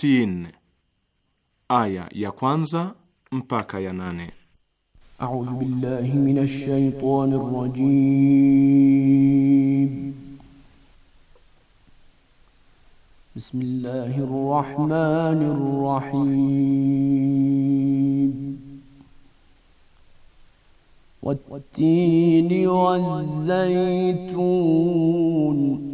sittin, aya ya kwanza mpaka ya nane. A'udhu billahi minash shaitani rajim. Bismillahir rahmanir rahim. والتين والزيتون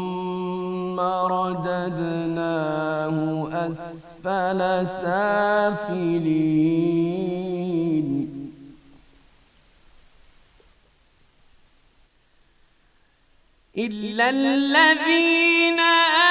فلسافلين إلا الذين آمنوا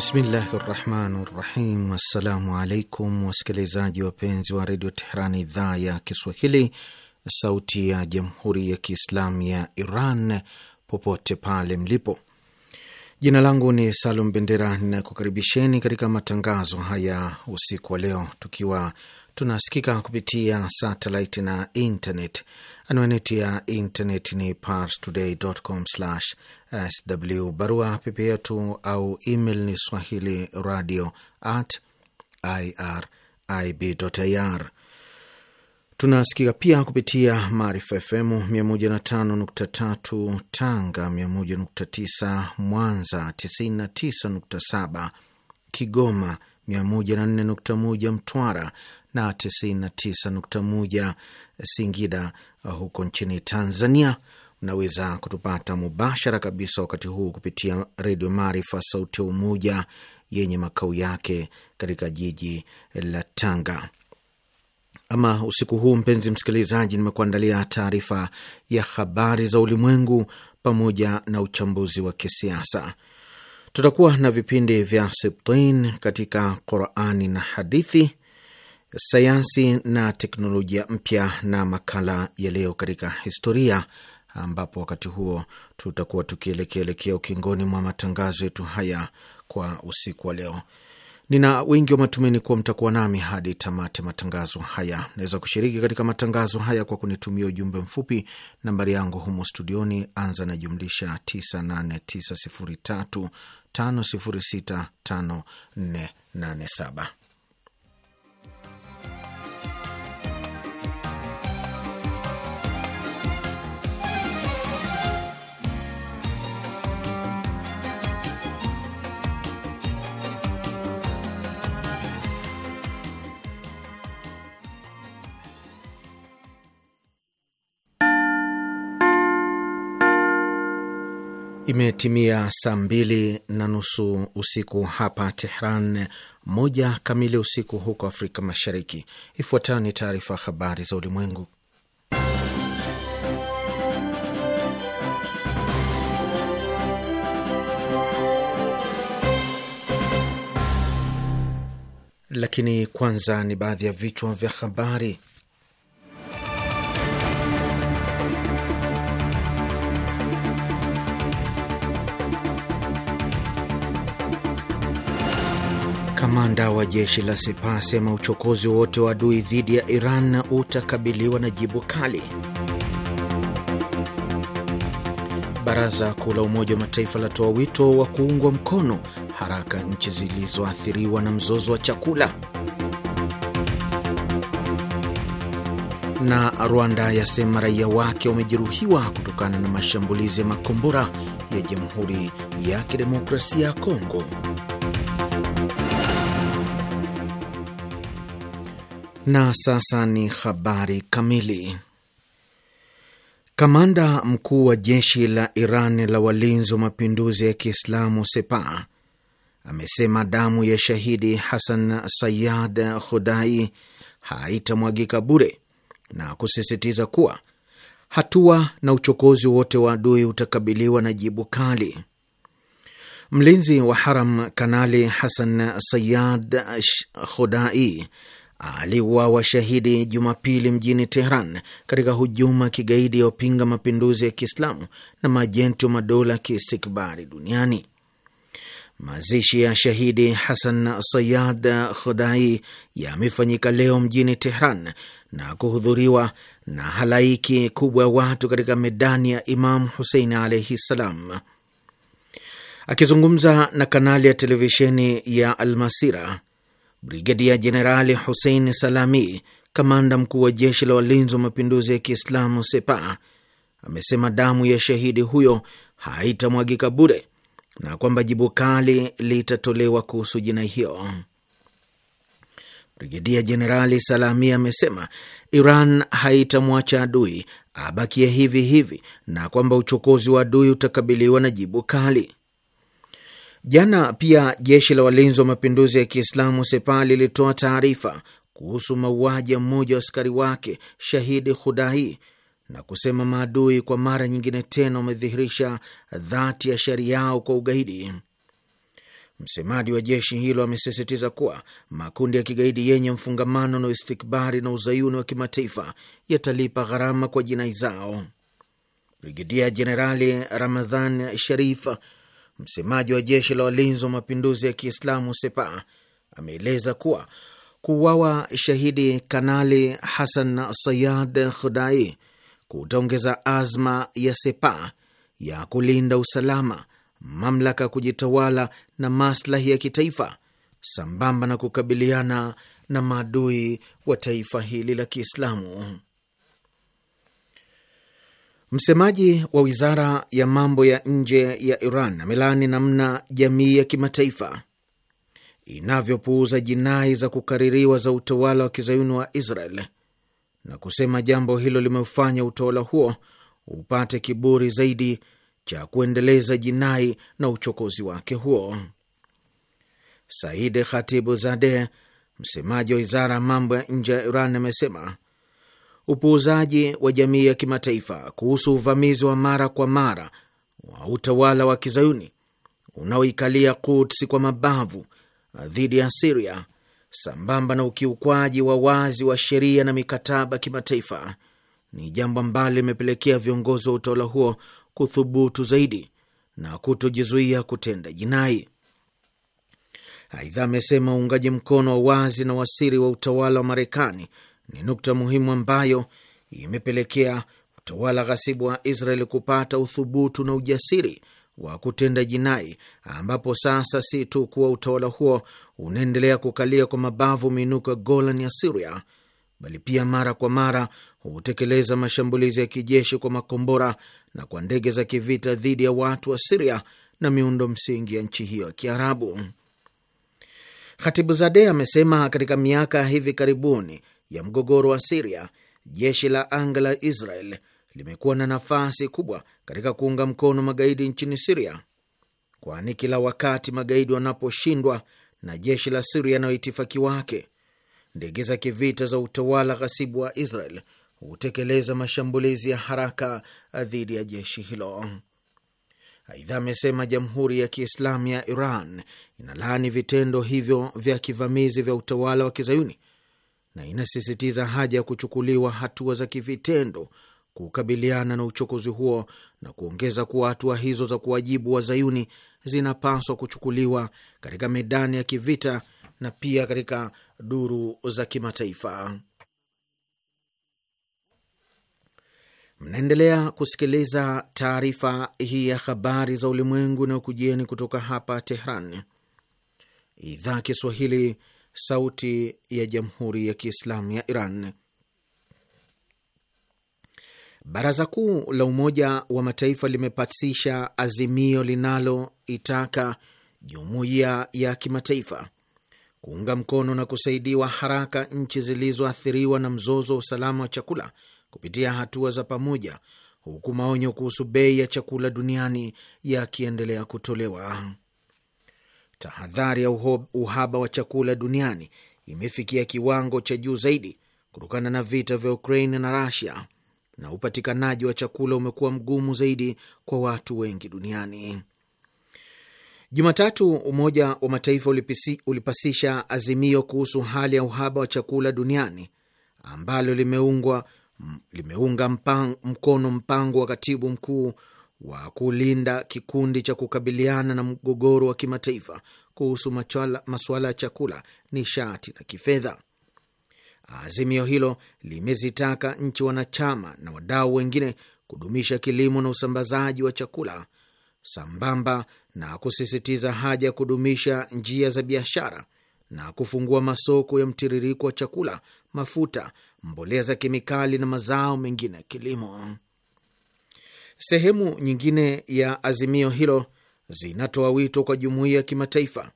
Bismillahi rahmani rahim. Assalamu alaikum wasikilizaji wapenzi wa redio Tehran, idhaa ya Kiswahili, sauti ya jamhuri ya kiislamu ya Iran, popote pale mlipo. Jina langu ni Salum Bendera, ninakukaribisheni katika matangazo haya usiku wa leo, tukiwa tunasikika kupitia satellite na internet. Anwani ya internet ni parstoday.com/sw. Barua pepe yetu au email ni swahili radio at irib.ir. Tunasikika pia kupitia Maarifa FM 105.3 Tanga, 101.9 Mwanza, 99.7 Kigoma, 104.1 Mtwara na 99.1 Singida uh, huko nchini Tanzania. unaweza kutupata mubashara kabisa wakati huu kupitia Redio Maarifa Sauti ya Umoja yenye makao yake katika jiji la Tanga. Ama usiku huu, mpenzi msikilizaji, nimekuandalia taarifa ya habari za ulimwengu pamoja na uchambuzi wa kisiasa. Tutakuwa na vipindi vya Sibtin katika Qurani na hadithi sayansi na teknolojia mpya na makala ya leo katika historia, ambapo wakati huo tutakuwa tukielekeelekea ukingoni mwa matangazo yetu haya kwa usiku wa leo. Nina wingi wa matumaini kuwa mtakuwa nami hadi tamate matangazo haya. Naweza kushiriki katika matangazo haya kwa kunitumia ujumbe mfupi. Nambari yangu humo studioni, anza na jumlisha 989035065487. Imetimia saa mbili na nusu usiku hapa Tehran, moja kamili usiku huko Afrika Mashariki. Ifuatayo ni taarifa habari za ulimwengu, lakini kwanza ni baadhi ya vichwa vya habari. wa jeshi la Sepa asema uchokozi wote wa adui dhidi ya Iran na utakabiliwa na jibu kali. Baraza Kuu la Umoja wa Mataifa latoa wito wa kuungwa mkono haraka nchi zilizoathiriwa na mzozo wa chakula, na Rwanda yasema raia wake wamejeruhiwa kutokana na mashambulizi ya makombora ya Jamhuri ya Kidemokrasia ya Kongo. Na sasa ni habari kamili. Kamanda mkuu wa jeshi la Iran la walinzi wa mapinduzi ya Kiislamu Sepa amesema damu ya shahidi Hasan Sayad Khudai haitamwagika bure na kusisitiza kuwa hatua na uchokozi wote wa adui utakabiliwa na jibu kali. Mlinzi wa haram Kanali Hasan Sayad Khudai aliuawa shahidi Jumapili mjini Tehran katika hujuma kigaidi ya wapinga mapinduzi ya Kiislamu na majenti wa madola kiistikbari duniani. Mazishi ya shahidi Hasan Sayad Khudai yamefanyika leo mjini Tehran na kuhudhuriwa na halaiki kubwa ya watu katika medani ya Imam Husein alaihi ssalam. Akizungumza na kanali ya televisheni ya Almasira, Brigedia Jenerali Hussein Salami, kamanda mkuu wa jeshi la walinzi wa mapinduzi ya Kiislamu sepa amesema damu ya shahidi huyo haitamwagika bure na kwamba jibu kali litatolewa kuhusu jinai hiyo. Brigedia Jenerali Salami amesema Iran haitamwacha adui abakie hivi hivi na kwamba uchokozi wa adui utakabiliwa na jibu kali. Jana pia jeshi la walinzi wa mapinduzi ya Kiislamu Sepa lilitoa taarifa kuhusu mauaji ya mmoja wa askari wake shahidi Khudai na kusema maadui kwa mara nyingine tena wamedhihirisha dhati ya shari yao kwa ugaidi. Msemaji wa jeshi hilo amesisitiza kuwa makundi ya kigaidi yenye mfungamano na istikbari na uzayuni wa kimataifa yatalipa gharama kwa jinai zao. Brigedia Jenerali Ramadhan Sharif Msemaji wa jeshi la walinzi wa mapinduzi ya Kiislamu sepa ameeleza kuwa kuuawa shahidi Kanali Hasan Sayad Khudai kutaongeza azma ya sepa ya kulinda usalama, mamlaka ya kujitawala na maslahi ya kitaifa sambamba na kukabiliana na maadui wa taifa hili la Kiislamu. Msemaji wa wizara ya mambo ya nje ya Iran amelaani namna jamii ya kimataifa inavyopuuza jinai za kukaririwa za utawala wa kizayuni wa Israel na kusema jambo hilo limeufanya utawala huo upate kiburi zaidi cha kuendeleza jinai na uchokozi wake huo. Said Khatibu Zadeh, msemaji wa wizara ya mambo ya nje ya Iran, amesema upuuzaji wa jamii ya kimataifa kuhusu uvamizi wa mara kwa mara wa utawala wa kizayuni unaoikalia Quds kwa mabavu dhidi ya Siria sambamba na ukiukwaji wa wazi wa sheria na mikataba kimataifa ni jambo ambalo limepelekea viongozi wa utawala huo kuthubutu zaidi na kutojizuia kutenda jinai. Aidha, amesema uungaji mkono wa wazi na wasiri wa utawala wa Marekani ni nukta muhimu ambayo imepelekea utawala ghasibu wa Israel kupata uthubutu na ujasiri wa kutenda jinai, ambapo sasa si tu kuwa utawala huo unaendelea kukalia kwa mabavu miinuko ya Golan ya Siria, bali pia mara kwa mara hutekeleza mashambulizi ya kijeshi kwa makombora na kwa ndege za kivita dhidi ya watu wa Siria na miundo msingi ya nchi hiyo ya Kiarabu. Khatibu Zadeh amesema katika miaka ya hivi karibuni ya mgogoro wa Siria, jeshi la anga la Israel limekuwa na nafasi kubwa katika kuunga mkono magaidi nchini Siria, kwani kila wakati magaidi wanaposhindwa na jeshi la Siria na waitifaki wake, ndege za kivita za utawala ghasibu wa Israel hutekeleza mashambulizi ya haraka dhidi ya jeshi hilo. Aidha, amesema Jamhuri ya Kiislamu ya Iran inalaani vitendo hivyo vya kivamizi vya utawala wa kizayuni na inasisitiza haja ya kuchukuliwa hatua za kivitendo kukabiliana na uchokozi huo na kuongeza kuwa hatua hizo za kuwajibu wazayuni zinapaswa kuchukuliwa katika medani ya kivita na pia katika duru za kimataifa. Mnaendelea kusikiliza taarifa hii ya habari za ulimwengu na kujieni kutoka hapa Tehran, idhaa Kiswahili, Sauti ya Jamhuri ya Kiislamu ya Iran. Baraza Kuu la Umoja wa Mataifa limepasisha azimio linaloitaka jumuiya ya kimataifa kuunga mkono na kusaidiwa haraka nchi zilizoathiriwa na mzozo wa usalama wa chakula kupitia hatua za pamoja, huku maonyo kuhusu bei ya chakula duniani yakiendelea kutolewa tahadhari ya uhaba wa chakula duniani imefikia kiwango cha juu zaidi kutokana na vita vya Ukraine na Russia, na upatikanaji wa chakula umekuwa mgumu zaidi kwa watu wengi duniani. Jumatatu, Umoja wa Mataifa ulipisi, ulipasisha azimio kuhusu hali ya uhaba wa chakula duniani ambalo limeungwa limeunga mpang, mkono mpango wa katibu mkuu wa kulinda kikundi cha kukabiliana na mgogoro wa kimataifa kuhusu masuala ya chakula, nishati na kifedha. Azimio hilo limezitaka nchi wanachama na wadau wengine kudumisha kilimo na usambazaji wa chakula sambamba na kusisitiza haja ya kudumisha njia za biashara na kufungua masoko ya mtiririko wa chakula, mafuta, mbolea za kemikali na mazao mengine ya kilimo. Sehemu nyingine ya azimio hilo zinatoa wito kwa jumuiya ya kimataifa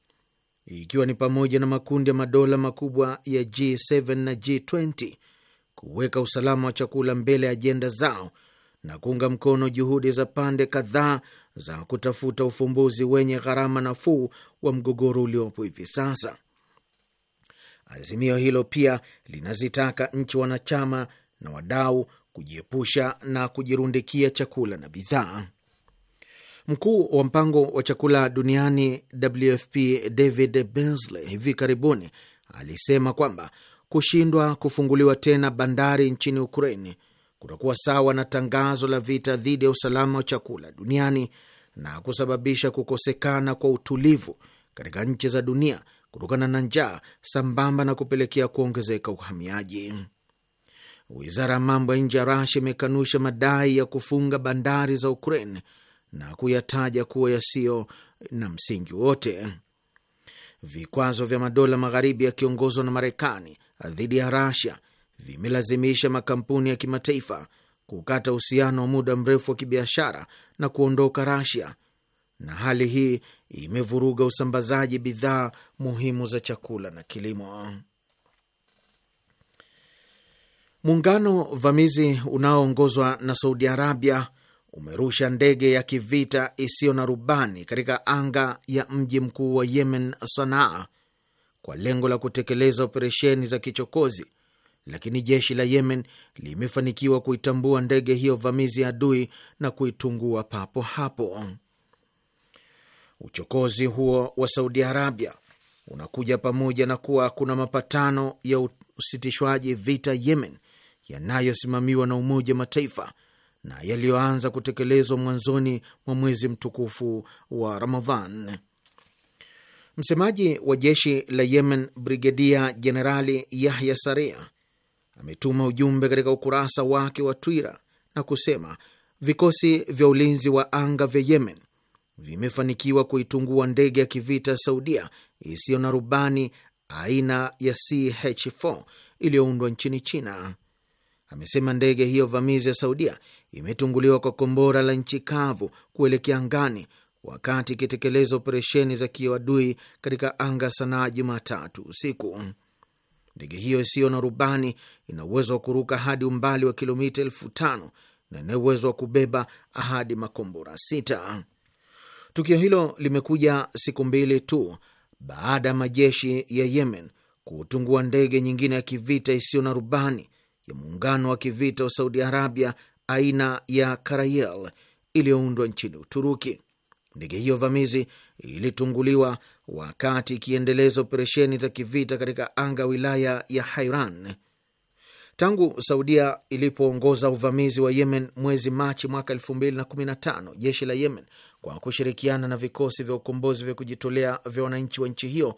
ikiwa ni pamoja na makundi ya madola makubwa ya G7 na G20 kuweka usalama wa chakula mbele ya ajenda zao na kuunga mkono juhudi za pande kadhaa za kutafuta ufumbuzi wenye gharama nafuu wa mgogoro uliopo hivi sasa. Azimio hilo pia linazitaka nchi wanachama na wadau kujiepusha na kujirundikia chakula na bidhaa. Mkuu wa mpango wa chakula duniani WFP David Beasley hivi karibuni alisema kwamba kushindwa kufunguliwa tena bandari nchini Ukraine kutakuwa sawa na tangazo la vita dhidi ya usalama wa chakula duniani na kusababisha kukosekana kwa utulivu katika nchi za dunia kutokana na njaa sambamba na kupelekea kuongezeka uhamiaji. Wizara ya mambo ya nje ya Rasia imekanusha madai ya kufunga bandari za Ukraine na kuyataja kuwa yasiyo na msingi wote. Vikwazo vya madola magharibi yakiongozwa na Marekani dhidi ya Rasia vimelazimisha makampuni ya kimataifa kukata uhusiano wa muda mrefu wa kibiashara na kuondoka Rasia, na hali hii imevuruga usambazaji bidhaa muhimu za chakula na kilimo. Muungano vamizi unaoongozwa na Saudi Arabia umerusha ndege ya kivita isiyo na rubani katika anga ya mji mkuu wa Yemen, Sanaa, kwa lengo la kutekeleza operesheni za kichokozi, lakini jeshi la Yemen limefanikiwa kuitambua ndege hiyo vamizi adui na kuitungua papo hapo. Uchokozi huo wa Saudi Arabia unakuja pamoja na kuwa kuna mapatano ya usitishwaji vita Yemen yanayosimamiwa na Umoja Mataifa na yaliyoanza kutekelezwa mwanzoni mwa mwezi mtukufu wa Ramadhan. Msemaji wa jeshi la Yemen, Brigedia Jenerali Yahya Saria, ametuma ujumbe katika ukurasa wake wa Twira na kusema vikosi vya ulinzi wa anga vya Yemen vimefanikiwa kuitungua ndege ya kivita Saudia isiyo na rubani aina ya CH4 iliyoundwa nchini China amesema ndege hiyo vamizi ya Saudia imetunguliwa kwa kombora la nchi kavu kuelekea angani wakati ikitekeleza operesheni za kiadui katika anga Sanaa Jumatatu usiku. Ndege hiyo isiyo na rubani ina uwezo wa kuruka hadi umbali wa kilomita elfu tano na ina uwezo wa kubeba hadi makombora sita. Tukio hilo limekuja siku mbili tu baada ya majeshi ya Yemen kutungua ndege nyingine ya kivita isiyo na rubani ya muungano wa kivita wa Saudi Arabia aina ya Karayel iliyoundwa nchini Uturuki. Ndege hiyo vamizi ilitunguliwa wakati ikiendeleza operesheni za kivita katika anga wilaya ya Hairan. Tangu Saudia ilipoongoza uvamizi wa Yemen mwezi Machi mwaka 2015 jeshi la Yemen kwa kushirikiana na vikosi vya ukombozi vya kujitolea vya wananchi wa nchi hiyo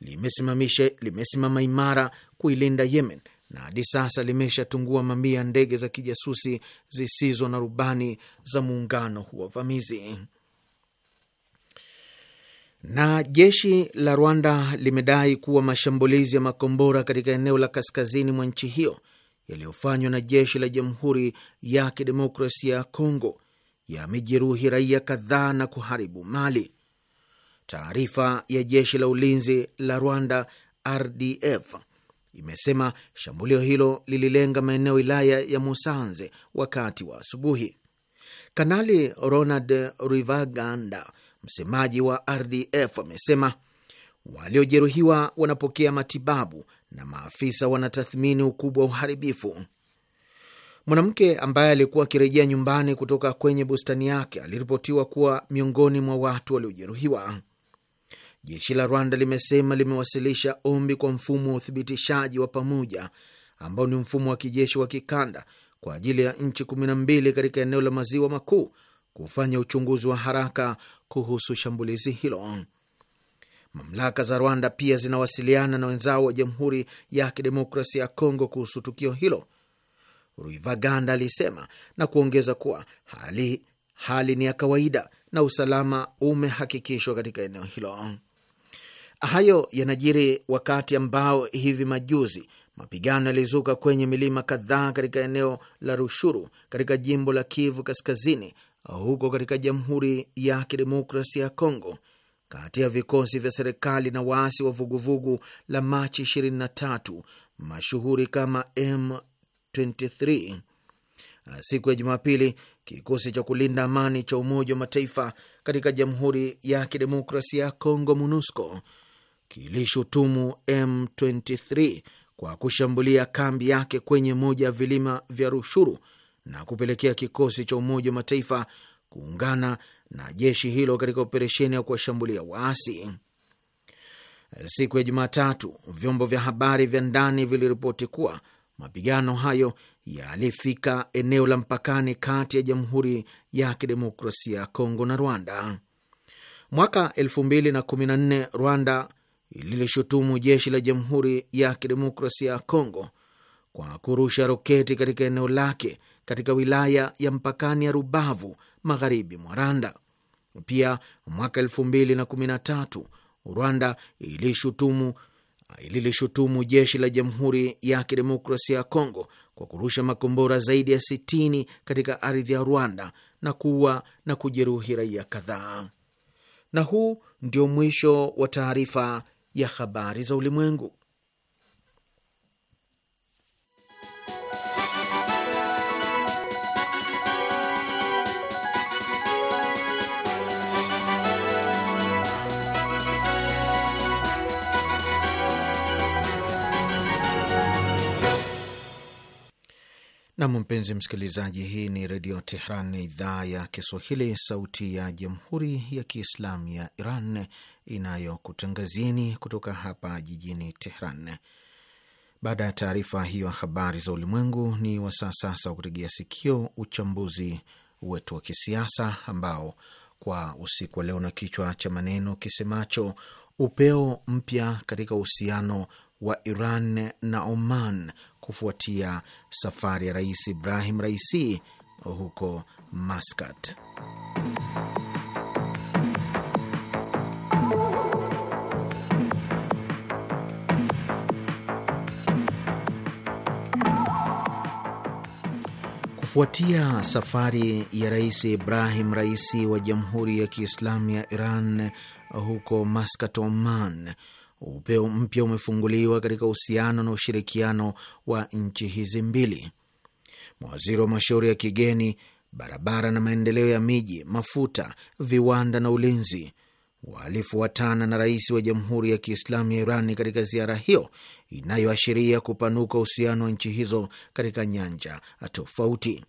limesimamisha limesimama imara kuilinda Yemen na hadi sasa limeshatungua mamia ndege za kijasusi zisizo na rubani za muungano huo vamizi. Na jeshi la Rwanda limedai kuwa mashambulizi ya makombora katika eneo la kaskazini mwa nchi hiyo yaliyofanywa na jeshi la Jamhuri ya Kidemokrasia ya Kongo yamejeruhi raia kadhaa na kuharibu mali. Taarifa ya jeshi la ulinzi la Rwanda RDF imesema shambulio hilo lililenga maeneo wilaya ya Musanze wakati wa asubuhi. Kanali Ronald Rivaganda, msemaji wa RDF, amesema waliojeruhiwa wanapokea matibabu na maafisa wanatathmini ukubwa wa uharibifu. Mwanamke ambaye alikuwa akirejea nyumbani kutoka kwenye bustani yake aliripotiwa kuwa miongoni mwa watu waliojeruhiwa jeshi la Rwanda limesema limewasilisha ombi kwa mfumo wa uthibitishaji wa pamoja ambao ni mfumo wa kijeshi wa kikanda kwa ajili ya nchi kumi na mbili katika eneo la maziwa makuu kufanya uchunguzi wa haraka kuhusu shambulizi hilo. Mamlaka za Rwanda pia zinawasiliana na wenzao wa Jamhuri ya Kidemokrasia ya Kongo kuhusu tukio hilo, Ruivaganda alisema na kuongeza kuwa hali hali ni ya kawaida na usalama umehakikishwa katika eneo hilo. Hayo yanajiri wakati ambao hivi majuzi mapigano yalizuka kwenye milima kadhaa katika eneo la Rushuru katika jimbo la Kivu Kaskazini, huko katika Jamhuri ya Kidemokrasia ya Kongo, kati ya vikosi vya serikali na waasi wa vuguvugu la Machi 23 mashuhuri kama M23. Siku ya Jumapili, kikosi cha kulinda amani cha Umoja wa Mataifa katika Jamhuri ya Kidemokrasia ya Kongo, MONUSCO, kilishutumu M23 kwa kushambulia kambi yake kwenye moja ya vilima vya Rushuru na kupelekea kikosi cha Umoja wa Mataifa kuungana na jeshi hilo katika operesheni ya kuwashambulia waasi. Siku ya Jumatatu, vyombo vya habari vya ndani viliripoti kuwa mapigano hayo yalifika eneo la mpakani kati ya Jamhuri ya Kidemokrasia ya Kongo na Rwanda. Mwaka 2014 Rwanda lilishutumu jeshi la Jamhuri ya Kidemokrasia ya Kongo kwa kurusha roketi katika eneo lake katika wilaya ya mpakani ya Rubavu, magharibi mwa Rwanda. Pia mwaka elfu mbili na kumi na tatu Rwanda ilishutumu ililishutumu jeshi la Jamhuri ya Kidemokrasia ya Kongo kwa kurusha makombora zaidi ya 60 katika ardhi ya Rwanda na kuua na kujeruhi raia kadhaa. Na huu ndio mwisho wa taarifa ya habari za ulimwengu. Nam, mpenzi msikilizaji, hii ni Redio Tehran, idhaa ya Kiswahili, sauti ya Jamhuri ya Kiislamu ya Iran inayokutangazieni kutoka hapa jijini Tehran. Baada ya taarifa hiyo ya habari za ulimwengu, ni wasaa sasa wa kutegea sikio uchambuzi wetu wa kisiasa ambao kwa usiku wa leo na kichwa cha maneno kisemacho upeo mpya katika uhusiano wa Iran na Oman kufuatia safari ya Rais Ibrahim Raisi huko Maskat. Kufuatia safari ya Rais Ibrahim Raisi wa Jamhuri ya Kiislamu ya Iran huko Maskat, Oman, upeo mpya umefunguliwa katika uhusiano na ushirikiano wa nchi hizi mbili. Mawaziri wa mashauri ya kigeni, barabara na maendeleo ya miji, mafuta, viwanda na ulinzi walifuatana na rais wa Jamhuri ya Kiislamu ya Irani katika ziara hiyo inayoashiria kupanuka uhusiano wa nchi hizo katika nyanja tofauti.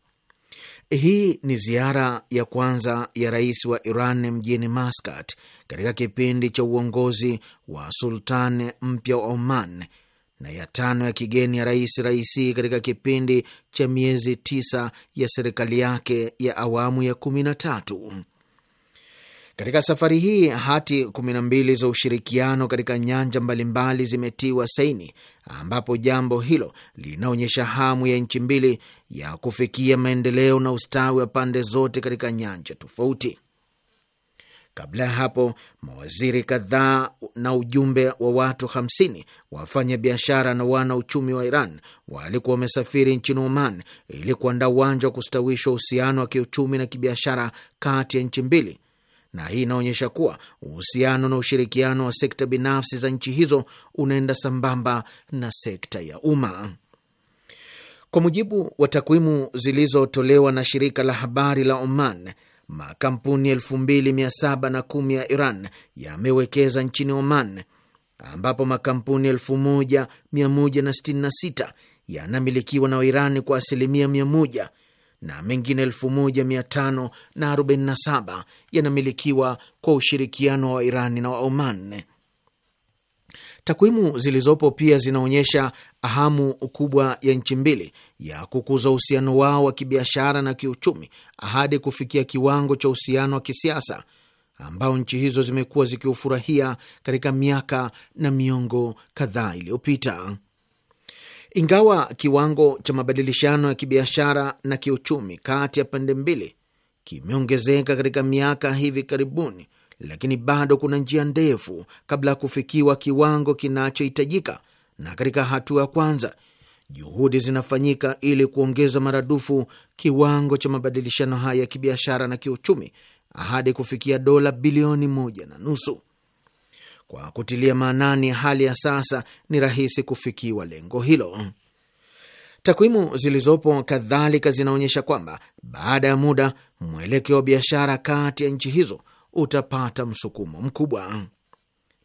Hii ni ziara ya kwanza ya rais wa Iran mjini Maskat katika kipindi cha uongozi wa sultan mpya wa Oman na ya tano ya kigeni ya rais Raisi katika kipindi cha miezi tisa ya serikali yake ya awamu ya kumi na tatu. Katika safari hii hati 12 za ushirikiano katika nyanja mbalimbali zimetiwa saini, ambapo jambo hilo linaonyesha hamu ya nchi mbili ya kufikia maendeleo na ustawi wa pande zote katika nyanja tofauti. Kabla ya hapo mawaziri kadhaa na ujumbe wa watu 50 wafanya biashara na wana uchumi wa Iran walikuwa wamesafiri nchini Oman ili kuandaa uwanja wa kustawisha uhusiano wa kiuchumi na kibiashara kati ya nchi mbili na hii inaonyesha kuwa uhusiano na ushirikiano wa sekta binafsi za nchi hizo unaenda sambamba na sekta ya umma. Kwa mujibu wa takwimu zilizotolewa na shirika la habari la Oman, makampuni 2710 ya Iran yamewekeza nchini Oman, ambapo makampuni 1166 yanamilikiwa na Wairani kwa asilimia 100 na mengine 1547 yanamilikiwa kwa ushirikiano wa Irani na wa Oman. Takwimu zilizopo pia zinaonyesha hamu kubwa ya nchi mbili ya kukuza uhusiano wao wa kibiashara na kiuchumi hadi kufikia kiwango cha uhusiano wa kisiasa ambao nchi hizo zimekuwa zikiufurahia katika miaka na miongo kadhaa iliyopita. Ingawa kiwango cha mabadilishano ya kibiashara na kiuchumi kati ya pande mbili kimeongezeka katika miaka hivi karibuni, lakini bado kuna njia ndefu kabla ya kufikiwa kiwango kinachohitajika, na katika hatua ya kwanza juhudi zinafanyika ili kuongeza maradufu kiwango cha mabadilishano haya ya kibiashara na kiuchumi hadi kufikia dola bilioni moja na nusu. Kwa kutilia maanani hali ya sasa, ni rahisi kufikiwa lengo hilo. Takwimu zilizopo kadhalika zinaonyesha kwamba baada ya muda, mwelekeo wa biashara kati ya nchi hizo utapata msukumo mkubwa.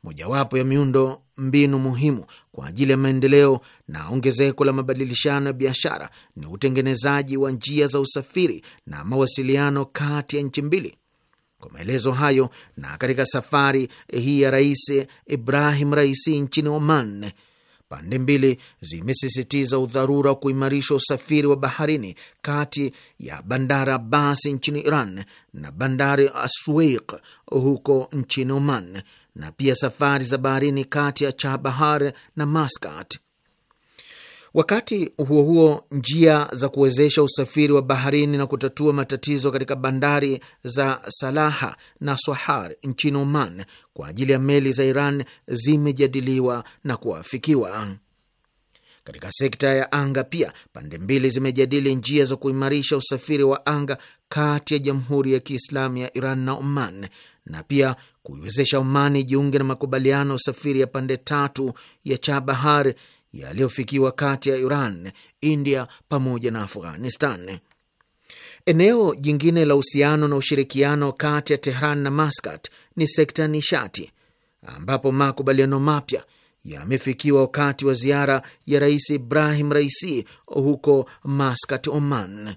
Mojawapo ya miundo mbinu muhimu kwa ajili ya maendeleo na ongezeko la mabadilishano ya biashara ni utengenezaji wa njia za usafiri na mawasiliano kati ya nchi mbili kwa maelezo hayo na katika safari hii ya Rais Ibrahim Raisi nchini Oman, pande mbili zimesisitiza udharura wa kuimarisha usafiri wa baharini kati ya bandari Abbas nchini Iran na bandari Asweiq huko nchini Oman, na pia safari za baharini kati ya Chabahar na Maskat. Wakati huo huo, njia za kuwezesha usafiri wa baharini na kutatua matatizo katika bandari za Salaha na Swahar nchini Oman kwa ajili ya meli za Iran zimejadiliwa na kuafikiwa. Katika sekta ya anga pia, pande mbili zimejadili njia za kuimarisha usafiri wa anga kati ya Jamhuri ya Kiislamu ya Iran na Oman na pia kuiwezesha Oman ijiunge na makubaliano ya usafiri ya pande tatu ya Chabahar yaliyofikiwa kati ya Iran, India pamoja na Afghanistan. Eneo jingine la uhusiano na ushirikiano kati ya Tehran na Maskat ni sekta ya nishati, ambapo makubaliano mapya yamefikiwa wakati wa ziara ya Rais Ibrahim Raisi huko Maskat, Oman.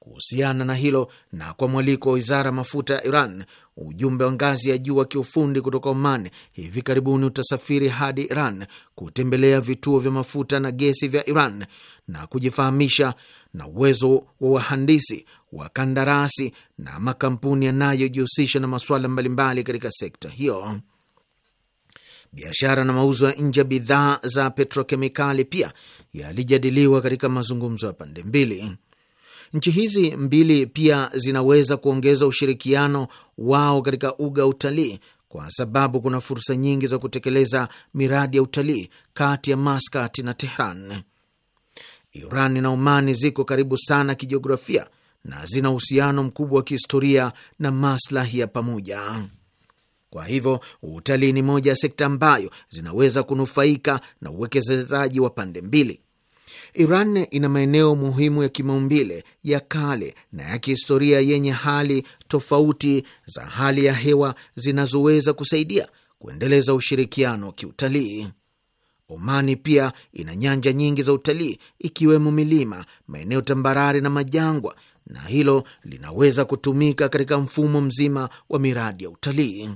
Kuhusiana na hilo na kwa mwaliko wa wizara ya mafuta ya Iran, Ujumbe wa ngazi ya juu wa kiufundi kutoka Oman hivi karibuni utasafiri hadi Iran kutembelea vituo vya mafuta na gesi vya Iran na kujifahamisha na uwezo wa wahandisi, wa kandarasi na makampuni yanayojihusisha na masuala mbalimbali katika sekta hiyo. Biashara na mauzo ya nje ya bidhaa za petrokemikali pia yalijadiliwa katika mazungumzo ya pande mbili. Nchi hizi mbili pia zinaweza kuongeza ushirikiano wao katika uga utalii kwa sababu kuna fursa nyingi za kutekeleza miradi ya utalii kati ya Maskat na Tehran. Iran na Omani ziko karibu sana kijiografia na zina uhusiano mkubwa wa kihistoria na maslahi ya pamoja. Kwa hivyo utalii ni moja ya sekta ambayo zinaweza kunufaika na uwekezaji wa pande mbili. Iran ina maeneo muhimu ya kimaumbile ya kale na ya kihistoria yenye hali tofauti za hali ya hewa zinazoweza kusaidia kuendeleza ushirikiano wa kiutalii. Omani pia ina nyanja nyingi za utalii ikiwemo milima, maeneo tambarare na majangwa, na hilo linaweza kutumika katika mfumo mzima wa miradi ya utalii.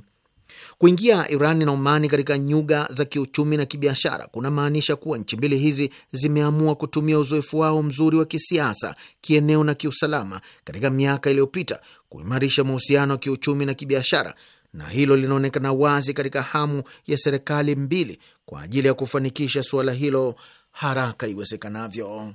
Kuingia Iran na Omani katika nyuga za kiuchumi na kibiashara kunamaanisha kuwa nchi mbili hizi zimeamua kutumia uzoefu wao mzuri wa kisiasa, kieneo na kiusalama katika miaka iliyopita kuimarisha mahusiano ya kiuchumi na kibiashara, na hilo linaonekana wazi katika hamu ya serikali mbili kwa ajili ya kufanikisha suala hilo haraka iwezekanavyo.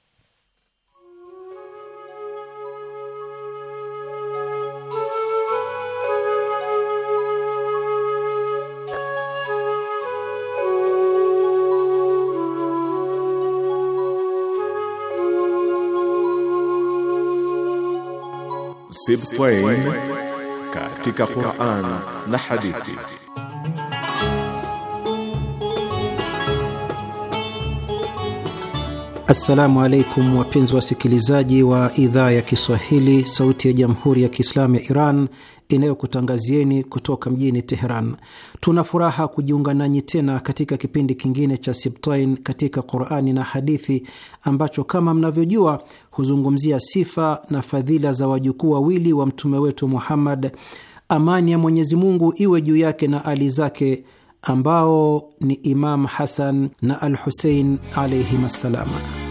Sibtain katika Qur'an na hadithi. Assalamu alaikum wapenzi wasikilizaji wa idhaa ya Kiswahili sauti ya Jamhuri ya Kiislamu ya Iran inayokutangazieni kutoka mjini Teheran. Tuna furaha kujiunga nanyi tena katika kipindi kingine cha Sibtain katika Qurani na Hadithi, ambacho kama mnavyojua huzungumzia sifa na fadhila za wajukuu wawili wa mtume wetu Muhammad, amani ya Mwenyezi Mungu iwe juu yake na ali zake, ambao ni Imam Hasan na al Husein alaihim assalama.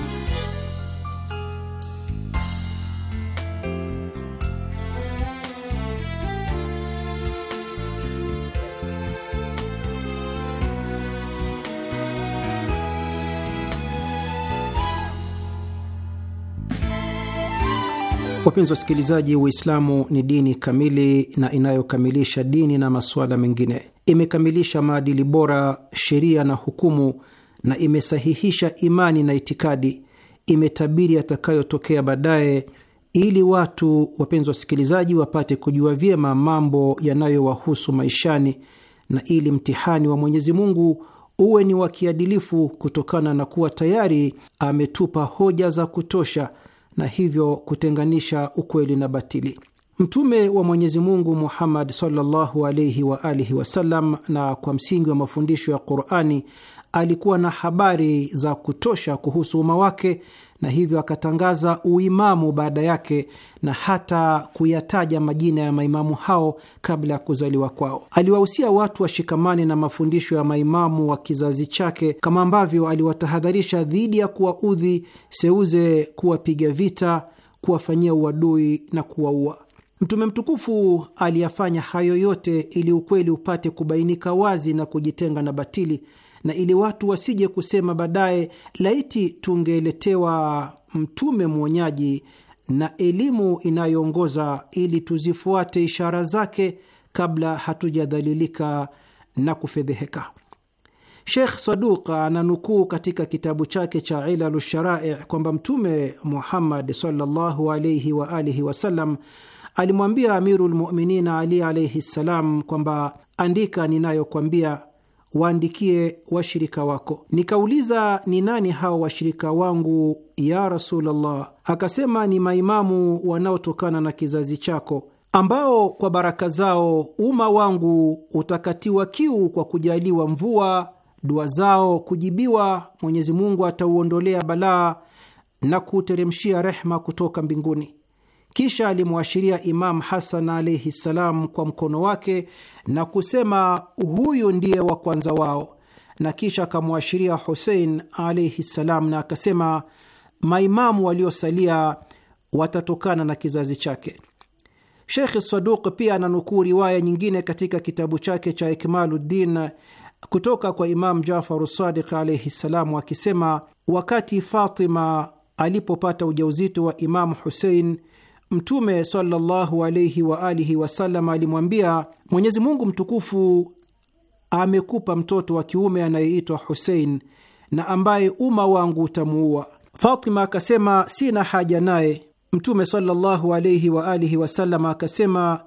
Wapenzi wasikilizaji, Uislamu ni dini kamili na inayokamilisha dini na masuala mengine. Imekamilisha maadili bora, sheria na hukumu, na imesahihisha imani na itikadi. Imetabiri yatakayotokea baadaye, ili watu, wapenzi wasikilizaji, wapate kujua vyema mambo yanayowahusu maishani, na ili mtihani wa Mwenyezi Mungu uwe ni wa kiadilifu, kutokana na kuwa tayari ametupa hoja za kutosha na hivyo kutenganisha ukweli na batili. Mtume wa Mwenyezi Mungu Muhammad sallallahu alaihi wa alihi wasallam, na kwa msingi wa mafundisho ya Qurani alikuwa na habari za kutosha kuhusu umma wake na hivyo akatangaza uimamu baada yake na hata kuyataja majina ya maimamu hao kabla ya kuzaliwa kwao. Aliwahusia watu washikamane na mafundisho ya maimamu wa kizazi chake, kama ambavyo aliwatahadharisha dhidi ya kuwaudhi, seuze kuwapiga vita, kuwafanyia uadui na kuwaua. Mtume mtukufu aliyafanya hayo yote ili ukweli upate kubainika wazi na kujitenga na batili na ili watu wasije kusema baadaye, laiti tungeletewa mtume mwonyaji na elimu inayoongoza ili tuzifuate ishara zake kabla hatujadhalilika na kufedheheka. Sheikh Saduq ananukuu katika kitabu chake cha Ilalu Sharai kwamba Mtume Muhammad sallallahu alayhi wa alihi wasallam alimwambia Amiru lmuminin Ali alaihi ssalam kwamba andika ninayokwambia waandikie washirika wako. Nikauliza, ni nani hao washirika wangu ya Rasulullah? Akasema, ni maimamu wanaotokana na kizazi chako ambao kwa baraka zao umma wangu utakatiwa kiu kwa kujaliwa mvua, dua zao kujibiwa, Mwenyezi Mungu atauondolea balaa na kuuteremshia rehma kutoka mbinguni. Kisha alimwashiria Imam Hasan alaihi ssalam kwa mkono wake na kusema, huyu ndiye wa kwanza wao, na kisha akamwashiria Husein alaihi ssalam na akasema, maimamu waliosalia watatokana na kizazi chake. Shekh Saduq pia ananukuu riwaya nyingine katika kitabu chake cha Ikmaluddin kutoka kwa Imam Jafaru Sadiq alaihi ssalam akisema, wakati Fatima alipopata ujauzito wa Imamu Husein Mtume sallallahu alaihi wa alihi wasallam alimwambia, Mwenyezi Mungu mtukufu amekupa mtoto wa kiume anayeitwa Husein na ambaye umma wangu utamuua. Fatima akasema sina haja naye. Mtume sallallahu wa alihi wasallam akasema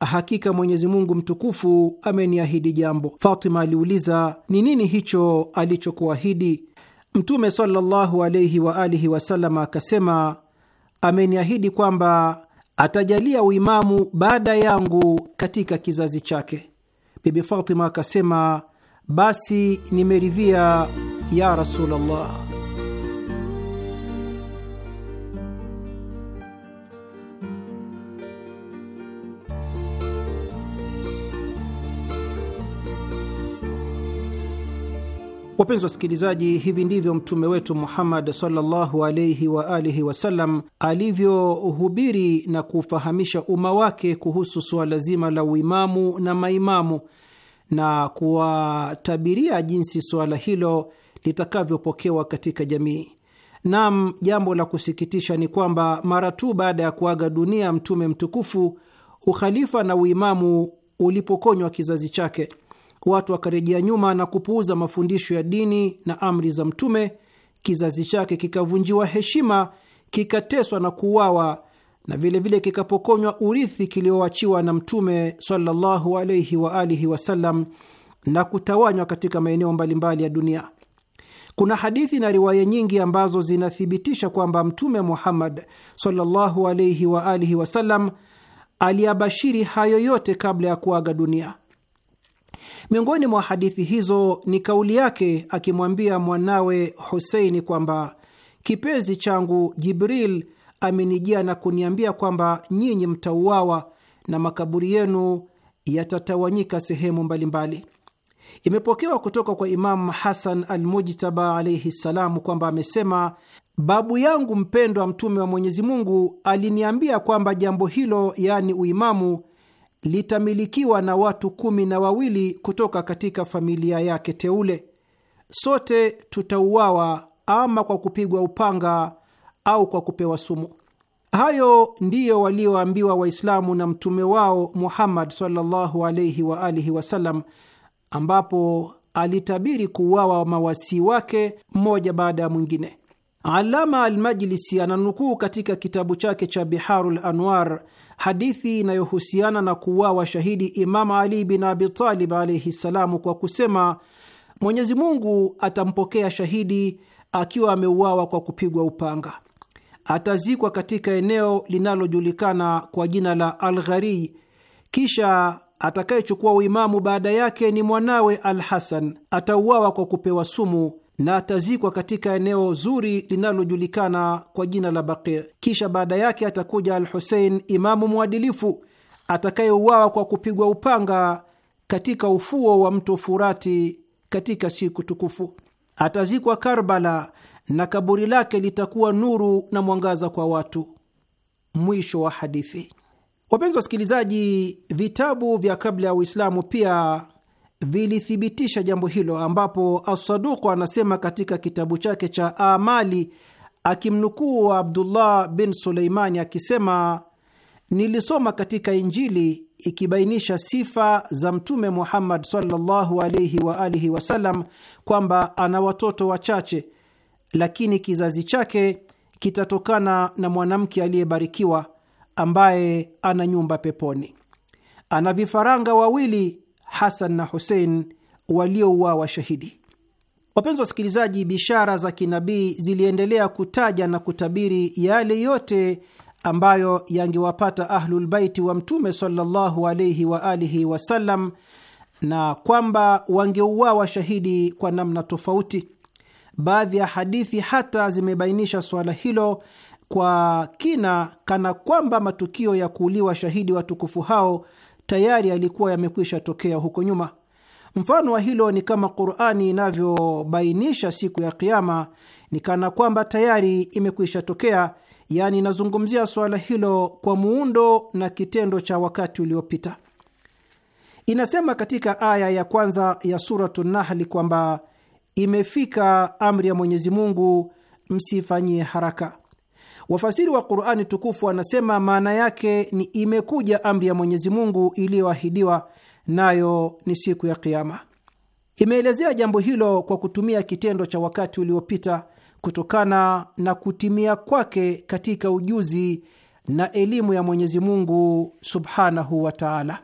hakika Mwenyezi Mungu mtukufu ameniahidi jambo. Fatima aliuliza ni nini hicho alichokuahidi? Mtume sallallahu wa alihi wasallam akasema ameniahidi kwamba atajalia uimamu baada yangu katika kizazi chake. Bibi Fatima akasema, basi nimeridhia ya Rasulullah. Wapenzi wasikilizaji, hivi ndivyo mtume wetu Muhammad sallallahu alaihi wa alihi wasallam alivyohubiri na kufahamisha umma wake kuhusu suala zima la uimamu na maimamu na kuwatabiria jinsi suala hilo litakavyopokewa katika jamii. Naam, jambo la kusikitisha ni kwamba mara tu baada ya kuaga dunia mtume mtukufu, ukhalifa na uimamu ulipokonywa kizazi chake Watu wakarejea nyuma na kupuuza mafundisho ya dini na amri za Mtume. Kizazi chake kikavunjiwa heshima, kikateswa na kuuawa, na vilevile kikapokonywa urithi kilioachiwa na Mtume sallallahu alaihi wa alihi wasallam na kutawanywa katika maeneo mbalimbali ya dunia. Kuna hadithi na riwaya nyingi ambazo zinathibitisha kwamba Mtume Muhammad sallallahu alaihi wa alihi wasallam aliabashiri hayo yote kabla ya kuaga dunia. Miongoni mwa hadithi hizo ni kauli yake akimwambia mwanawe Huseini kwamba kipenzi changu Jibril amenijia na kuniambia kwamba nyinyi mtauawa na makaburi yenu yatatawanyika sehemu mbalimbali. Imepokewa kutoka kwa Imamu Hasan Almujtaba alaihi ssalamu kwamba amesema, babu yangu mpendwa Mtume wa Mwenyezi Mungu aliniambia kwamba jambo hilo, yaani uimamu, litamilikiwa na watu kumi na wawili kutoka katika familia yake teule. Sote tutauawa ama kwa kupigwa upanga au kwa kupewa sumu. Hayo ndiyo walioambiwa Waislamu na mtume wao Muhammad sallallahu alaihi wa alihi wasallam, ambapo alitabiri kuuawa mawasii wake mmoja baada ya mwingine. Alama Almajlisi ananukuu katika kitabu chake cha Biharul Anwar hadithi inayohusiana na kuuawa shahidi Imamu Ali bin Abitalib alaihi ssalamu, kwa kusema Mwenyezi Mungu atampokea shahidi akiwa ameuawa kwa kupigwa upanga, atazikwa katika eneo linalojulikana kwa jina la al ghari kisha atakayechukua uimamu baada yake ni mwanawe Al Hasan, atauawa kwa kupewa sumu na atazikwa katika eneo zuri linalojulikana kwa jina la Baqi. Kisha baada yake atakuja Al Husein, imamu mwadilifu atakayeuawa kwa kupigwa upanga katika ufuo wa mto Furati katika siku tukufu. Atazikwa Karbala na kaburi lake litakuwa nuru na mwangaza kwa watu. Mwisho wa hadithi. Wapenzi wasikilizaji, vitabu vya kabla ya Uislamu pia vilithibitisha jambo hilo, ambapo Asaduku anasema katika kitabu chake cha Amali akimnukuu Abdullah bin Suleimani akisema, nilisoma katika Injili ikibainisha sifa za Mtume Muhammad sallallahu alaihi wa alihi wasallam kwamba ana watoto wachache, lakini kizazi chake kitatokana na mwanamke aliyebarikiwa ambaye ana nyumba peponi, ana vifaranga wawili Hasan na Husein waliouawa shahidi. Wapenzi wasikilizaji, bishara za kinabii ziliendelea kutaja na kutabiri yale yote ambayo yangewapata Ahlulbaiti wa Mtume sallallahu alaihi wa alihi wasallam na kwamba wangeuawa shahidi kwa namna tofauti. Baadhi ya hadithi hata zimebainisha suala hilo kwa kina, kana kwamba matukio ya kuuliwa shahidi watukufu hao tayari yalikuwa yamekwisha tokea huko nyuma. Mfano wa hilo ni kama Qurani inavyobainisha siku ya Kiama ni kana kwamba tayari imekwisha tokea, yaani inazungumzia suala hilo kwa muundo na kitendo cha wakati uliopita. Inasema katika aya ya kwanza ya Suratu Nahli kwamba imefika amri ya Mwenyezi Mungu, msifanyie haraka. Wafasiri wa Qurani tukufu wanasema maana yake ni imekuja amri ya Mwenyezi Mungu iliyoahidiwa, nayo ni siku ya Kiama. Imeelezea jambo hilo kwa kutumia kitendo cha wakati uliopita kutokana na kutimia kwake katika ujuzi na elimu ya Mwenyezi Mungu subhanahu wa taala.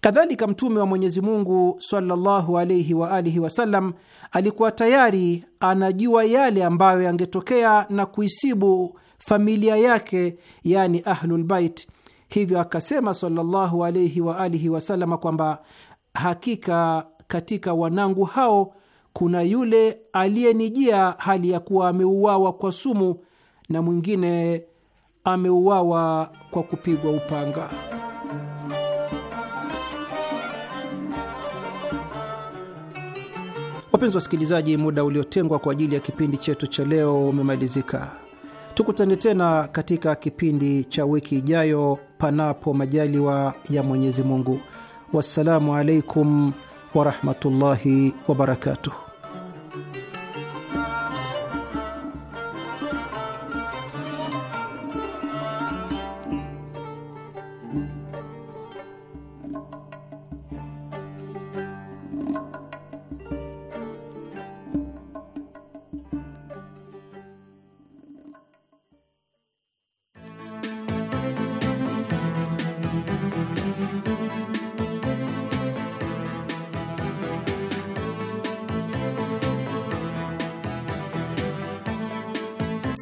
Kadhalika, Mtume wa Mwenyezi Mungu sallallahu alaihi wa alihi wasallam alikuwa tayari anajua yale ambayo yangetokea na kuisibu familia yake, yani Ahlulbait. Hivyo akasema sallallahu alaihi wa alihi wasalama kwamba hakika katika wanangu hao kuna yule aliyenijia hali ya kuwa ameuawa kwa sumu na mwingine ameuawa kwa kupigwa upanga. Wapenzi wasikilizaji, muda uliotengwa kwa ajili ya kipindi chetu cha leo umemalizika. Tukutane tena katika kipindi cha wiki ijayo, panapo majaliwa ya Mwenyezi Mungu. Wassalamu alaikum warahmatullahi wabarakatuh.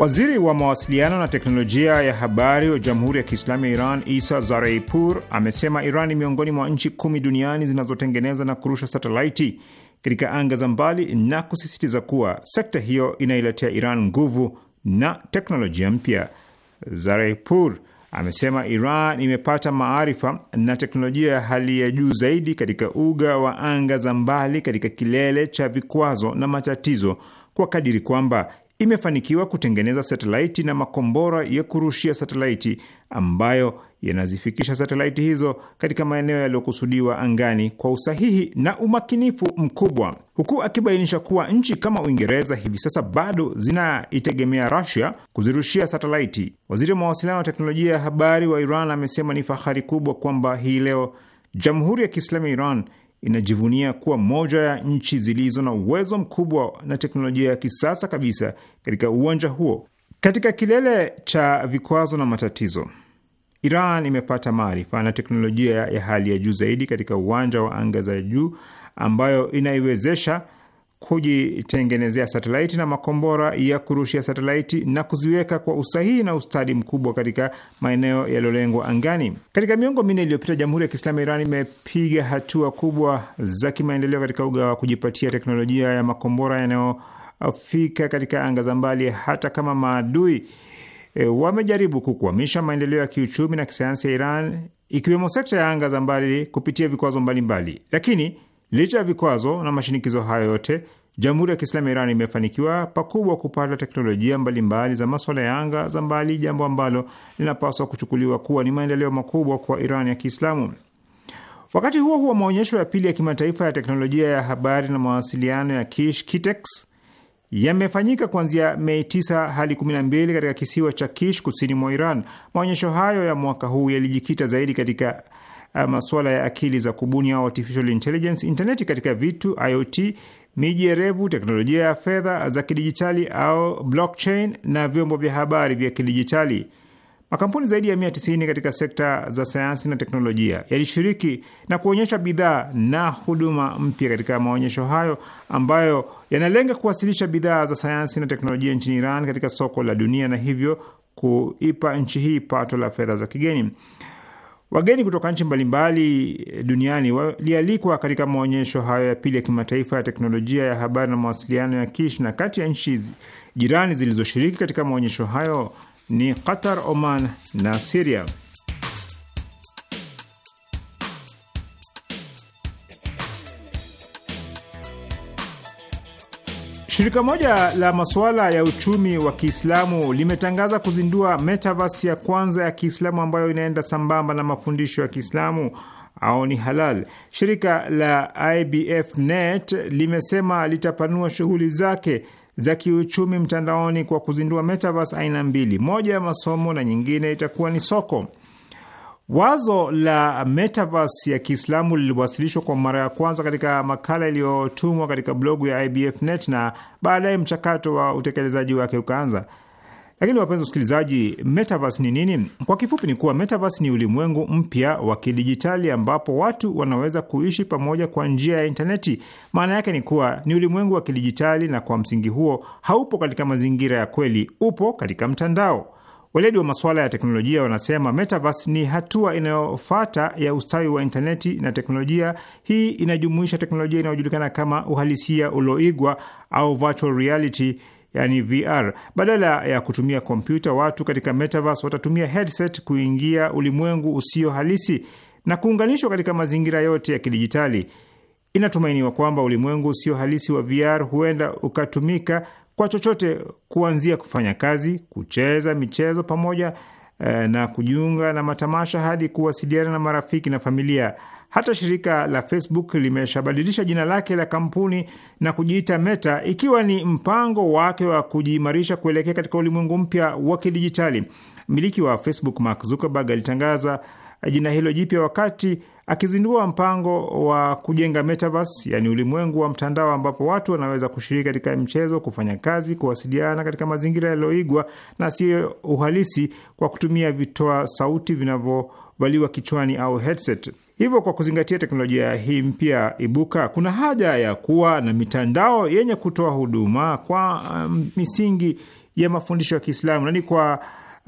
Waziri wa mawasiliano na teknolojia ya habari wa Jamhuri ya Kiislamu ya Iran, Isa Zareipur, amesema Iran ni miongoni mwa nchi kumi duniani zinazotengeneza na kurusha satelaiti katika anga za mbali na kusisitiza kuwa sekta hiyo inailetea Iran nguvu na teknolojia mpya. zareipur amesema Iran imepata maarifa na teknolojia ya hali ya juu zaidi katika uga wa anga za mbali katika kilele cha vikwazo na matatizo kwa kadiri kwamba imefanikiwa kutengeneza satelaiti na makombora ya kurushia satelaiti ambayo yanazifikisha satelaiti hizo katika maeneo yaliyokusudiwa angani kwa usahihi na umakinifu mkubwa, huku akibainisha kuwa nchi kama Uingereza hivi sasa bado zinaitegemea rasia kuzirushia satelaiti. Waziri wa mawasiliano na teknolojia ya habari wa Iran amesema ni fahari kubwa kwamba hii leo Jamhuri ya Kiislamu ya Iran inajivunia kuwa moja ya nchi zilizo na uwezo mkubwa na teknolojia ya kisasa kabisa katika uwanja huo. Katika kilele cha vikwazo na matatizo, Iran imepata maarifa na teknolojia ya hali ya juu zaidi katika uwanja wa anga za juu ambayo inaiwezesha kujitengenezea satelaiti na makombora ya kurushia satelaiti na kuziweka kwa usahihi na ustadi mkubwa katika maeneo yaliyolengwa angani. Katika miongo minne iliyopita, Jamhuri ya Kiislamu ya Iran imepiga hatua kubwa za kimaendeleo katika uga wa kujipatia teknolojia ya makombora yanayofika katika anga za mbali, hata kama maadui e, wamejaribu kukwamisha maendeleo ya kiuchumi na kisayansi ya Iran, ikiwemo sekta ya anga za mbali kupitia vikwazo mbalimbali, lakini Licha ya vikwazo na mashinikizo hayo yote, Jamhuri ya Kiislamu ya Iran imefanikiwa pakubwa kupata teknolojia mbalimbali mbali za maswala ya anga za mbali, jambo ambalo linapaswa kuchukuliwa kuwa ni maendeleo makubwa kwa Iran ya Kiislamu. Wakati huo huo, maonyesho ya pili ya kimataifa ya teknolojia ya habari na mawasiliano ya Kish Kitex yamefanyika kuanzia Mei 9 hadi 12 katika kisiwa cha Kish kusini mwa Iran. Maonyesho hayo ya mwaka huu yalijikita zaidi katika Ah, masuala ya akili za kubuni au artificial intelligence, interneti katika vitu IoT, miji erevu, teknolojia ya fedha za kidijitali au blockchain na vyombo vya habari vya kidijitali. Makampuni zaidi ya tisini katika sekta za sayansi na teknolojia yalishiriki na kuonyesha bidhaa na huduma mpya katika maonyesho hayo ambayo yanalenga kuwasilisha bidhaa za sayansi na teknolojia nchini Iran katika soko la dunia na hivyo kuipa nchi hii pato la fedha za kigeni. Wageni kutoka nchi mbalimbali eh, duniani walialikwa katika maonyesho hayo ya pili ya kimataifa ya teknolojia ya habari na mawasiliano ya Kish, na kati ya nchi jirani zilizoshiriki katika maonyesho hayo ni Qatar, Oman na Siria. Shirika moja la masuala ya uchumi wa Kiislamu limetangaza kuzindua metaverse ya kwanza ya Kiislamu ambayo inaenda sambamba na mafundisho ya Kiislamu au ni halal. Shirika la IBF Net limesema litapanua shughuli zake za kiuchumi mtandaoni kwa kuzindua metaverse aina mbili, moja ya masomo na nyingine itakuwa ni soko. Wazo la metaverse ya Kiislamu liliwasilishwa kwa mara ya kwanza katika makala iliyotumwa katika blogu ya IBFnet na baadaye mchakato wa utekelezaji wake ukaanza. Lakini wapenzi wasikilizaji, metaverse ni nini? Kwa kifupi, ni kuwa metaverse ni ulimwengu mpya wa kidijitali ambapo watu wanaweza kuishi pamoja kwa njia ya intaneti. Maana yake ni kuwa ni ulimwengu wa kidijitali, na kwa msingi huo haupo katika mazingira ya kweli, upo katika mtandao. Weledi wa masuala ya teknolojia wanasema metaverse ni hatua inayofata ya ustawi wa intaneti na teknolojia hii inajumuisha teknolojia inayojulikana kama uhalisia ulioigwa au virtual reality, yani VR. Badala ya kutumia kompyuta, watu katika metaverse watatumia headset kuingia ulimwengu usio halisi na kuunganishwa katika mazingira yote ya kidijitali. Inatumainiwa kwamba ulimwengu usio halisi wa VR huenda ukatumika kwa chochote, kuanzia kufanya kazi, kucheza michezo pamoja eh, na kujiunga na matamasha hadi kuwasiliana na marafiki na familia. Hata shirika la Facebook limeshabadilisha jina lake la kampuni na kujiita Meta, ikiwa ni mpango wake wa kujiimarisha kuelekea katika ulimwengu mpya wa kidijitali. Mmiliki wa Facebook Mark Zuckerberg alitangaza jina hilo jipya wakati akizindua mpango wa kujenga metaverse, yani ulimwengu wa mtandao ambapo watu wanaweza kushiriki katika mchezo, kufanya kazi, kuwasiliana katika mazingira yaliyoigwa na siyo uhalisi kwa kutumia vitoa sauti vinavyovaliwa kichwani au headset. Hivyo, kwa kuzingatia teknolojia hii mpya ibuka, kuna haja ya kuwa na mitandao yenye kutoa huduma kwa um, misingi ya mafundisho ya Kiislamu na ni kwa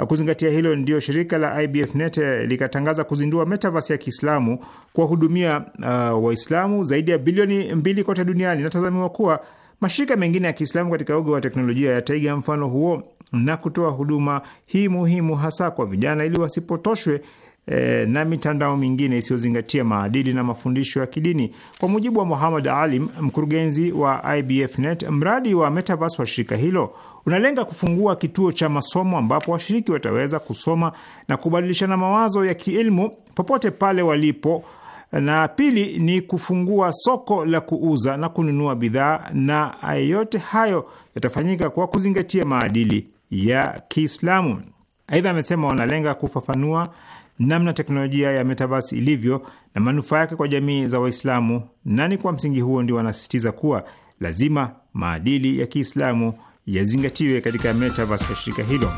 Kuzingatia hilo, ndio shirika la IBFNet eh, likatangaza kuzindua metaverse ya Kiislamu kuwahudumia uh, Waislamu zaidi ya bilioni mbili kote duniani. Inatazamiwa kuwa mashirika mengine ya Kiislamu katika uga wa teknolojia yataiga mfano huo na kutoa huduma hii muhimu hasa kwa vijana ili wasipotoshwe e, na mitandao mingine isiyozingatia maadili na mafundisho ya kidini. Kwa mujibu wa Muhammad Alim, mkurugenzi wa Net, mradi wa Metaverse wa shirika hilo unalenga kufungua kituo cha masomo ambapo washiriki wataweza kusoma na kubadilishana mawazo ya kielimu popote pale walipo na pili ni kufungua soko la kuuza na kununua bidhaa, na yote hayo yatafanyika kwa kuzingatia maadili ya Kiislamu. Aidha, amesema wanalenga kufafanua namna teknolojia ya metaverse ilivyo na manufaa yake kwa jamii za Waislamu, na ni kwa msingi huo ndio wanasisitiza kuwa lazima maadili ya Kiislamu yazingatiwe katika metaverse ya shirika hilo.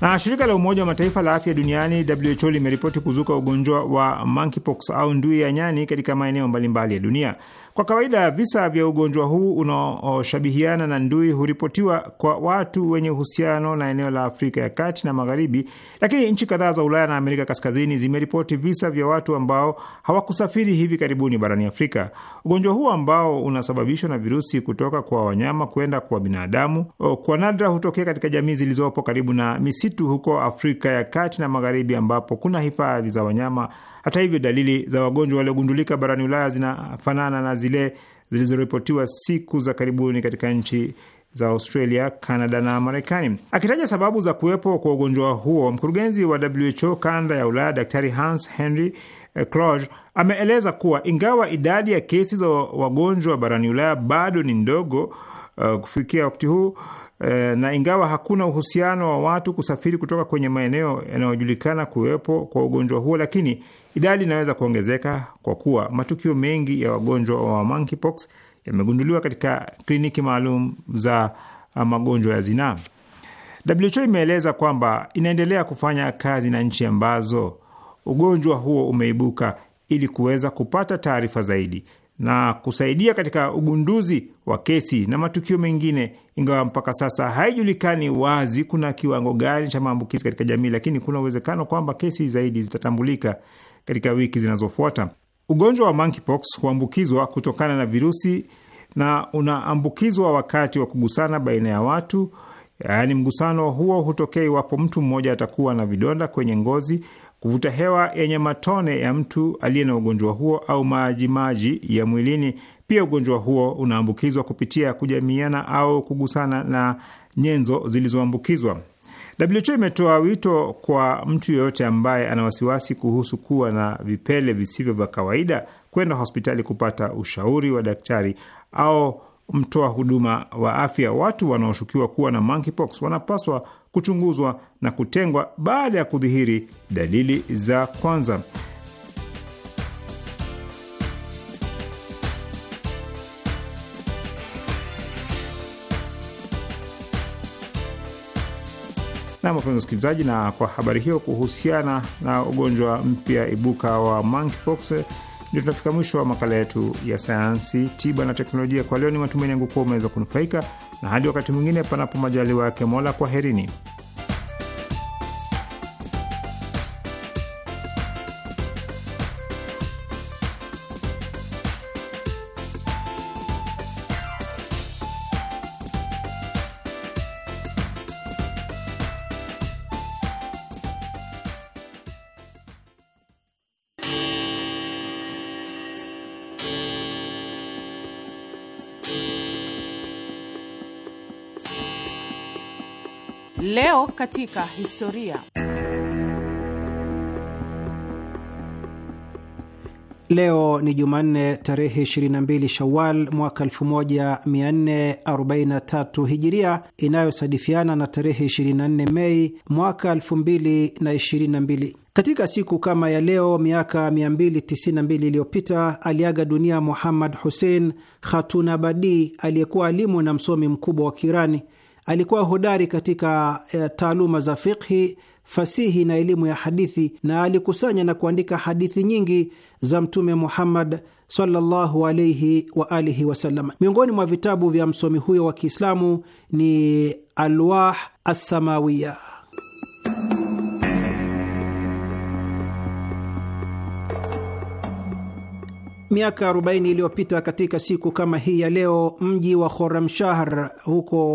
Na shirika la Umoja wa Mataifa la afya duniani WHO limeripoti kuzuka ugonjwa wa monkeypox au ndui ya nyani katika maeneo mbalimbali ya dunia. Kwa kawaida visa vya ugonjwa huu unaoshabihiana na ndui huripotiwa kwa watu wenye uhusiano na eneo la Afrika ya kati na magharibi, lakini nchi kadhaa za Ulaya na Amerika kaskazini zimeripoti visa vya watu ambao hawakusafiri hivi karibuni barani Afrika. Ugonjwa huu ambao unasababishwa na virusi kutoka kwa wanyama kwenda kwa binadamu, kwa nadra hutokea katika jamii zilizopo karibu na misitu huko Afrika ya kati na magharibi, ambapo kuna hifadhi za wanyama hata hivyo, dalili za wagonjwa waliogundulika barani Ulaya zinafanana na zile zilizoripotiwa siku za karibuni katika nchi za Australia, Canada na Marekani. Akitaja sababu za kuwepo kwa ugonjwa huo, mkurugenzi wa WHO kanda ya Ulaya, Daktari Hans Henry Kluge eh, ameeleza kuwa ingawa idadi ya kesi za wagonjwa barani Ulaya bado ni ndogo uh, kufikia wakati huu e, na ingawa hakuna uhusiano wa watu kusafiri kutoka kwenye maeneo yanayojulikana kuwepo kwa ugonjwa huo, lakini idadi inaweza kuongezeka kwa kuwa matukio mengi ya wagonjwa wa monkeypox yamegunduliwa katika kliniki maalum za ah, magonjwa ya zinaa. WHO imeeleza kwamba inaendelea kufanya kazi na nchi ambazo ugonjwa huo umeibuka ili kuweza kupata taarifa zaidi na kusaidia katika ugunduzi wa kesi na matukio mengine, ingawa mpaka sasa haijulikani wazi kuna kiwango gani cha maambukizi katika jamii, lakini kuna uwezekano kwamba kesi zaidi zitatambulika katika wiki zinazofuata. Ugonjwa wa monkeypox huambukizwa kutokana na virusi na unaambukizwa wakati wa kugusana baina ya watu, yaani mgusano huo hutokea iwapo mtu mmoja atakuwa na vidonda kwenye ngozi kuvuta hewa yenye matone ya mtu aliye na ugonjwa huo au majimaji ya mwilini. Pia ugonjwa huo unaambukizwa kupitia kujamiana au kugusana na nyenzo zilizoambukizwa. WHO imetoa wito kwa mtu yeyote ambaye ana wasiwasi kuhusu kuwa na vipele visivyo vya kawaida kwenda hospitali kupata ushauri wa daktari au mtoa huduma wa afya. Watu wanaoshukiwa kuwa na monkeypox wanapaswa kuchunguzwa na kutengwa baada ya kudhihiri dalili za kwanza. Na wapenzi wasikilizaji, na kwa habari hiyo kuhusiana na ugonjwa mpya ibuka wa monkeypox ndio tunafika mwisho wa makala yetu ya sayansi, tiba na teknolojia kwa leo. Ni matumaini yangu kuwa umeweza kunufaika, na hadi wakati mwingine, panapo majaliwa yake Mola, kwaherini. katika historia. Leo ni Jumanne tarehe 22 Shawal mwaka 1443 Hijiria, inayosadifiana na tarehe 24 Mei mwaka 2022. Katika siku kama ya leo miaka 292 iliyopita aliaga dunia Muhammad Hussein Khatunabadi, aliyekuwa alimu na msomi mkubwa wa Kirani. Alikuwa hodari katika e, taaluma za fiqhi fasihi na elimu ya hadithi, na alikusanya na kuandika hadithi nyingi za Mtume Muhammad sallallahu alaihi wa alihi wasallam. Miongoni mwa vitabu vya msomi huyo wa Kiislamu ni Alwah Assamawiya. Miaka 40 iliyopita katika siku kama hii ya leo, mji wa Khorramshahr huko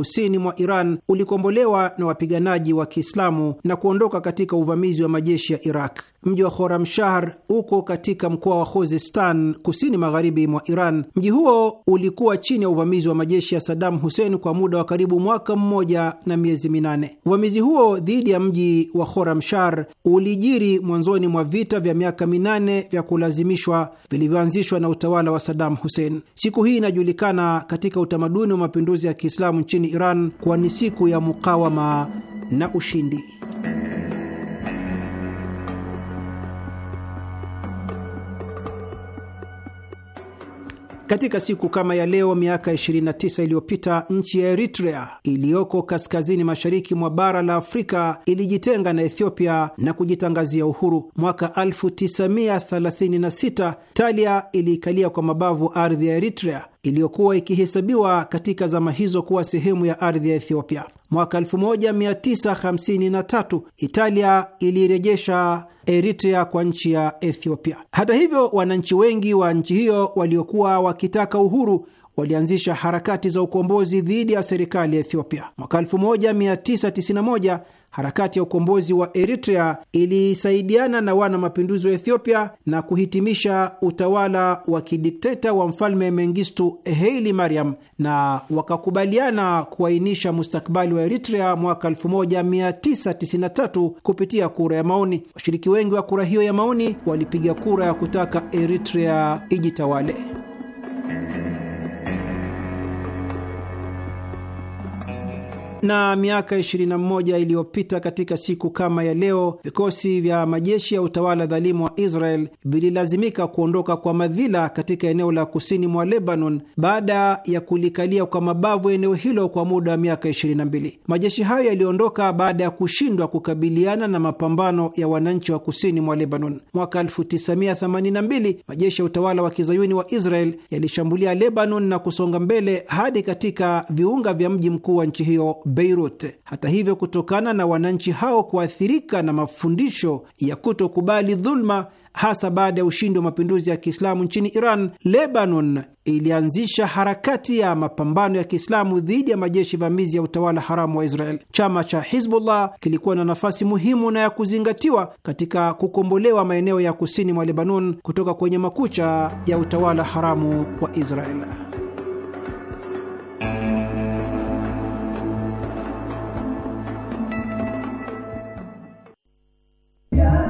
kusini mwa Iran ulikombolewa na wapiganaji wa Kiislamu na kuondoka katika uvamizi wa majeshi ya Iraq. Mji wa Khoramshahr uko katika mkoa wa Khuzestan, kusini magharibi mwa Iran. Mji huo ulikuwa chini ya uvamizi wa majeshi ya sadamu Hussein kwa muda wa karibu mwaka mmoja na miezi minane. Uvamizi huo dhidi ya mji wa Khoramshahr ulijiri mwanzoni mwa vita vya miaka minane vya kulazimishwa vilivyoanzishwa na utawala wa sadam Hussein. Siku hii inajulikana katika utamaduni wa mapinduzi ya Kiislamu nchini Iran kuwa ni siku ya mukawama na ushindi. Katika siku kama ya leo miaka 29 iliyopita nchi ya Eritrea iliyoko kaskazini mashariki mwa bara la Afrika ilijitenga na Ethiopia na kujitangazia uhuru. Mwaka 1936 Talia iliikalia kwa mabavu ardhi ya Eritrea iliyokuwa ikihesabiwa katika zama hizo kuwa sehemu ya ardhi ya Ethiopia. Mwaka 1953 Italia ilirejesha Eritrea kwa nchi ya Ethiopia. Hata hivyo, wananchi wengi wa nchi hiyo waliokuwa wakitaka uhuru walianzisha harakati za ukombozi dhidi ya serikali ya Ethiopia. Mwaka 1991 Harakati ya ukombozi wa Eritrea ilisaidiana na wana mapinduzi wa Ethiopia na kuhitimisha utawala wa kidikteta wa mfalme Mengistu Haile Mariam, na wakakubaliana kuainisha mustakabali wa Eritrea mwaka 1993 kupitia kura ya maoni. Washiriki wengi wa kura hiyo ya maoni walipiga kura ya kutaka Eritrea ijitawale. Na miaka 21 iliyopita katika siku kama ya leo, vikosi vya majeshi ya utawala dhalimu wa Israel vililazimika kuondoka kwa madhila katika eneo la kusini mwa Lebanon baada ya kulikalia kwa mabavu eneo hilo kwa muda wa miaka 22. Majeshi hayo yaliondoka baada ya kushindwa kukabiliana na mapambano ya wananchi wa kusini mwa Lebanon. Mwaka 1982 majeshi ya utawala wa kizayuni wa Israel yalishambulia Lebanon na kusonga mbele hadi katika viunga vya mji mkuu wa nchi hiyo Beirut. Hata hivyo, kutokana na wananchi hao kuathirika na mafundisho ya kutokubali dhuluma, hasa baada ya ushindi wa mapinduzi ya Kiislamu nchini Iran, Lebanon ilianzisha harakati ya mapambano ya Kiislamu dhidi ya majeshi vamizi ya utawala haramu wa Israel. Chama cha Hizbullah kilikuwa na nafasi muhimu na ya kuzingatiwa katika kukombolewa maeneo ya kusini mwa Lebanon kutoka kwenye makucha ya utawala haramu wa Israel. Yeah.